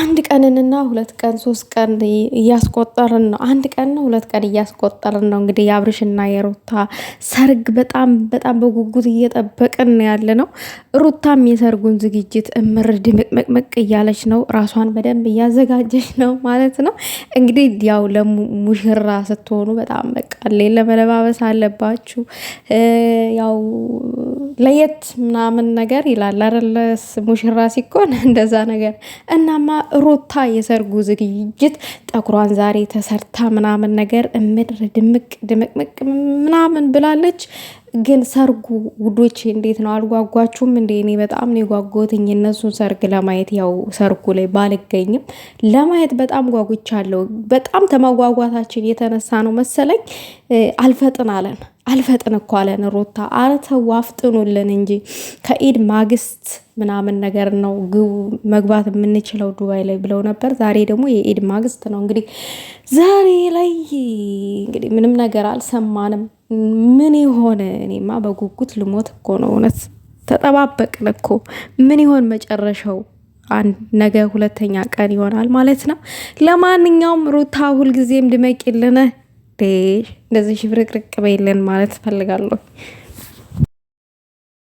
አንድ ቀንንና ሁለት ቀን ሶስት ቀን እያስቆጠርን ነው። አንድ ቀንና ሁለት ቀን እያስቆጠርን ነው። እንግዲህ የአብርሽና የሩታ ሰርግ በጣም በጣም በጉጉት እየጠበቅን ያለ ነው። ሩታም የሰርጉን ዝግጅት እምር ድምቅምቅምቅ እያለች ነው። ራሷን በደንብ እያዘጋጀች ነው ማለት ነው። እንግዲህ ያው ለሙሽራ ስትሆኑ በጣም በቃ ለመለባበስ አለባችሁ ያው ለየት ምናምን ነገር ይላል አይደለ? ሙሽራ ሲኮን እንደዛ ነገር። እናማ ሩታ የሰርጉ ዝግጅት ጠጉሯን ዛሬ ተሰርታ ምናምን ነገር እምድር ድምቅ ድምቅምቅ ምናምን ብላለች። ግን ሰርጉ ውዶቼ እንዴት ነው? አልጓጓችሁም እንዴ? እኔ በጣም ነው የጓጎትኝ እነሱን ሰርግ ለማየት ያው ሰርጉ ላይ ባልገኝም ለማየት በጣም ጓጉቻለሁ። በጣም ተመጓጓታችን የተነሳ ነው መሰለኝ አልፈጥን አለን። አልፈጥን እኮ አለን ሩታ። አረ ተው አፍጥኑልን እንጂ ከኢድ ማግስት ምናምን ነገር ነው ግቡ መግባት የምንችለው ዱባይ ላይ ብለው ነበር። ዛሬ ደግሞ የኢድ ማግስት ነው። እንግዲህ ዛሬ ላይ እንግዲህ ምንም ነገር አልሰማንም። ምን የሆነ እኔማ በጉጉት ልሞት እኮ ነው እውነት። ተጠባበቅን እኮ ምን ይሆን መጨረሻው? አንድ ነገ ሁለተኛ ቀን ይሆናል ማለት ነው። ለማንኛውም ሩታ ሁልጊዜም ድመቂልን። እንደዚህ ሽብርቅርቅ በይለን ማለት ትፈልጋለሁ።